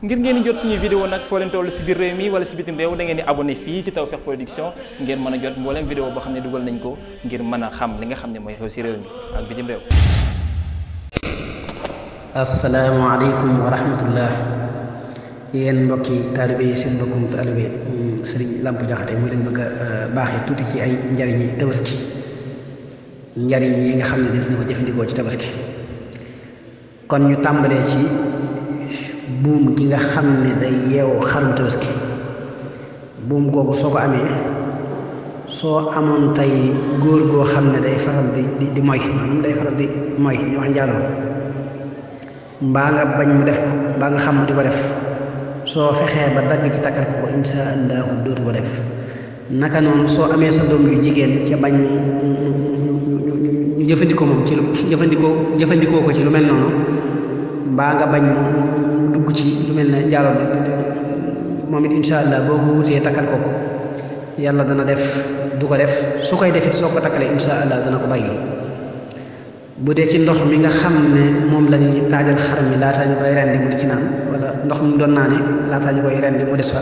ngir ngeen di jot suñuy vidéo nag foo leen toll si biir réew mi wala si bitim réew da ngeen di abonné fii si Tawfekh Production ngeen mën a jot mbooleem vidéo boo xam ne dugal nañ ko ngir mën a xam li nga xam ne mooy xew si réew mi ak bitim réew asalaamaaleykum wa rahmatullah yéen yi seen mbokkum taalibe mm, Lamp Jaxate moo leen bëgg a euh, tuuti ci ay njariñi tabaski njariñ yi nga xam ne des na ko jëfandikoo ci tabaski kon ñu tàmbalee ci buum gi nga xam ne day yeewu xarum tabaski buum googu soo ko amee soo amoon tey góor goo xam ne day faral di di moy maanaam day faral di moy ñu wax njaaloo mbaa nga bañ mu def ko mbaa nga xam mu di ko def soo fexee ba dagg ci takkal ko ko insha soo amee jigéen ca bañ mu ñu jëfandikoo ci jëfandikoo jëfandikoo ko ci lu mel noonu dugg ci lu mel ne jaaro bi moom it insha allah boo ko wutee takkal ko ko yàlla dana def du ko def su koy defit soo ko takkalee insha allah dana ko bàyyi bu dee ci ndox mi nga xam ne moom la ñuy taajal xar mi laataa ñu koy rendi mu di ci naan wala ndox mu doon naa ne laataa ñu koy rend mu des fa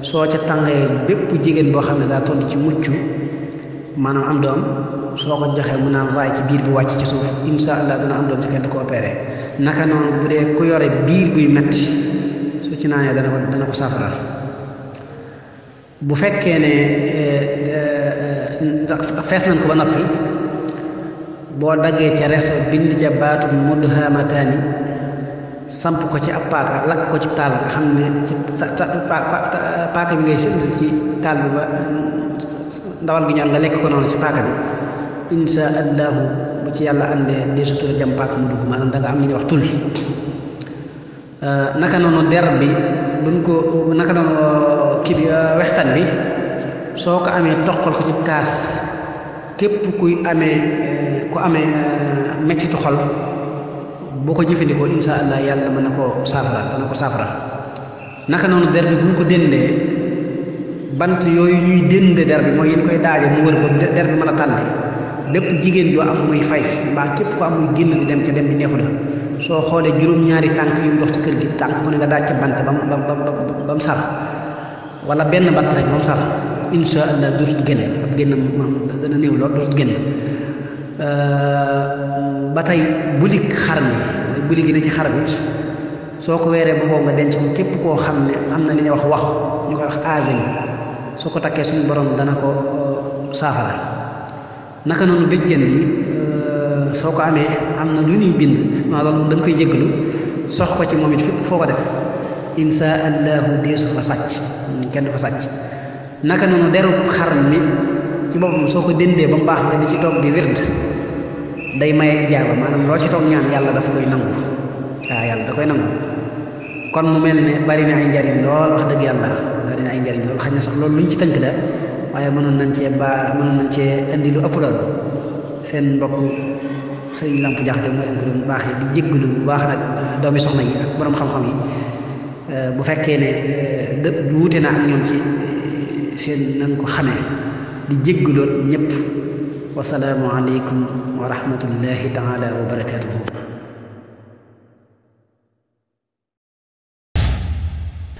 soo ca tàngee bépp jigéen boo xam ne daa toll ci mucc maanaam am doom soo ko joxee mu naa waaye ci biir bi wàcc ci suuf insha allah dana am doom ci kenn di ko opéré naka noonu bu dee ku yore biir buy metti su ci naanee dana ko dana ko saafaraal bu fekkee ne eh, eh, eh, fees nañ ko ba noppi boo daggee ca reso bind ca mudd hamataani samp ko ci ab paaka lakk ko ci taal nga xam ne paaka bi ngay séntu ci taal bi ba ndawal gi ñaan nga lekk ko noonu ci paaka bi insha allahu bu ci yàlla àndee deesu tura jam paaka mu dugg maanaam da nga am li ñuy wax tul naka noonu der bi buñ ko naka noonu uh, kii bi uh, wextaan bi soo ko amee toqal kaas képp kuy amee uh, ku amee mettitu xol boo ko jëfandikoo insha allah yàlla mën na koo saafara dana ko saafara naka noonu der bi buñ ko dendee bant yooyu ñuy dénd der bi mooy yéen koy daaje mu wër ba der bi mën a tàlli lépp jigéen joo am muy fay mbaa képp ko am muy génn di dem ca dem bi neexu la soo xoolee juróom-ñaari tànk yu dox ci kër gi tànk mu ne nga daaj ca bant ba mu ba mu ba wala benn bant rek ba mu sal insha allah dootul génn ab génn dana néew lool dootul génn ba tey bulik xar mi mooy bulik yi ne ci xar mi soo ko weeree ba boobu nga denc ko képp koo xam ne am na li ñuy wax wax ñu koy wax asile su ko takkee suñu borom dana ko uh, saafara naka noonu bëjjën bi uh, soo ko amee am na lu ñuy bind maa loolu da koy jéggalu sox ko ci moom it fépp foo ko def insha allahu deesu fa sàcc kenn du fa naka noonu deru xar mi ci boppam soo ko dëndee ba mu baax nga di ci toog di wird day maye ijaaba maanaam loo ci toog ñaan yàlla dafa koy nangu waaw yàlla da koy nangu kon mu mel ne bari na ay njariñ lool wax dëgg yàlla bari ay njariñ loolu xañ na sax loolu lu ñu ci tënk la waaye mënoon nañ cee ba mënoon nañ cee indi lu ëpp loolu seen mbokk sëriñ Lamp Jaxate moo leen ko doon baaxee di jéggalu bu baax nag doomi soxna yi boroom xam-xam yi euh, bu fekkee ne dë euh, wuute na am ñoom ci euh, seen nan ko xamee di jéggaloot ñëpp wasalaamu aleykum wa rahmatullahi taala wa barakatuhu